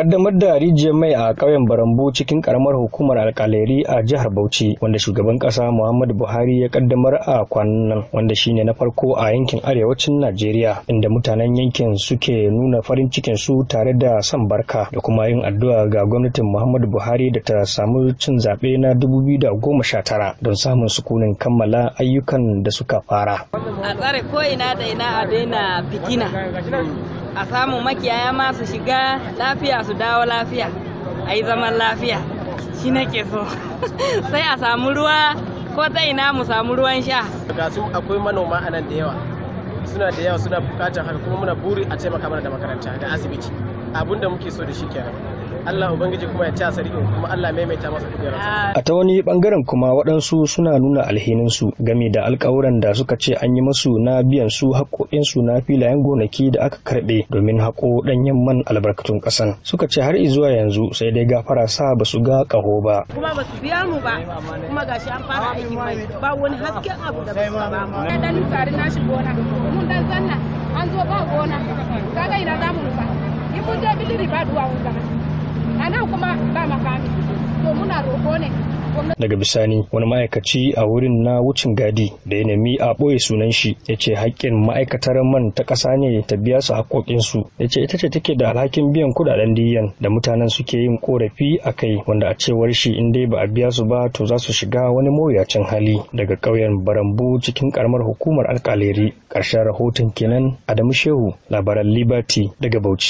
kaddamar da rijiyar mai a ƙauyen barambu cikin karamar hukumar alkalari a jihar bauchi wanda shugaban ƙasa muhammadu buhari ya kaddamar a kwanan nan wanda shine na farko a yankin arewacin najeriya inda mutanen yankin suke nuna farin cikin su tare da san barka da kuma yin addu'a ga gwamnatin muhammadu buhari da ta samu cin zaɓe na 2019 don samun sukunin kammala ayyukan da suka fara a tsare ko ina da ina a daina fitina a samu makiyaya ma su shiga lafiya su dawo lafiya a yi zaman lafiya shi nake so sai a samu ruwa ko ta ina mu samu ruwan sha ga su akwai manoma a nan da yawa suna da yawa suna bukatar haka kuma muna buri a taimaka mana da makaranta da asibiti abin da muke so da shi kenan Allah Ubangiji kuma ya ci asari kuma Allah maimaita masa kujerarsa. A ta wani bangaren kuma waɗansu suna nuna alhininsu game da alƙawuran da suka ce an yi masu na biyan su haƙoƙinsu na filayen gonaki da aka karɓe domin haƙo ɗanyen man albarkatun ƙasan. Suka ce har zuwa yanzu sai dai gafara sa ba su ga ƙaho ba. Kuma ba su biya mu ba kuma gashi an fara aiki mai ba wani hasken abu da ba su ba. dan tsari na shi gona mun dan zanna an zo ba gona kaga ina za mu nufa. in mun je ba to muna roƙo ne daga bisani wani ma'aikaci a wurin na wucin gadi da ya nemi a ɓoye sunan shi ya ce haƙƙin ma'aikatar man ta ƙasa ne ta biya su haƙoƙinsu ya ce ita ce take da alhakin biyan kuɗaɗen diyan da mutanen suke yin ƙorafi a kai wanda a cewar shi in dai ba a biya su ba to za su shiga wani mawuyacin hali daga ƙauyen barambu cikin ƙaramar hukumar alƙaleri ƙarshen rahoton kenan adamu shehu labaran liberty daga bauchi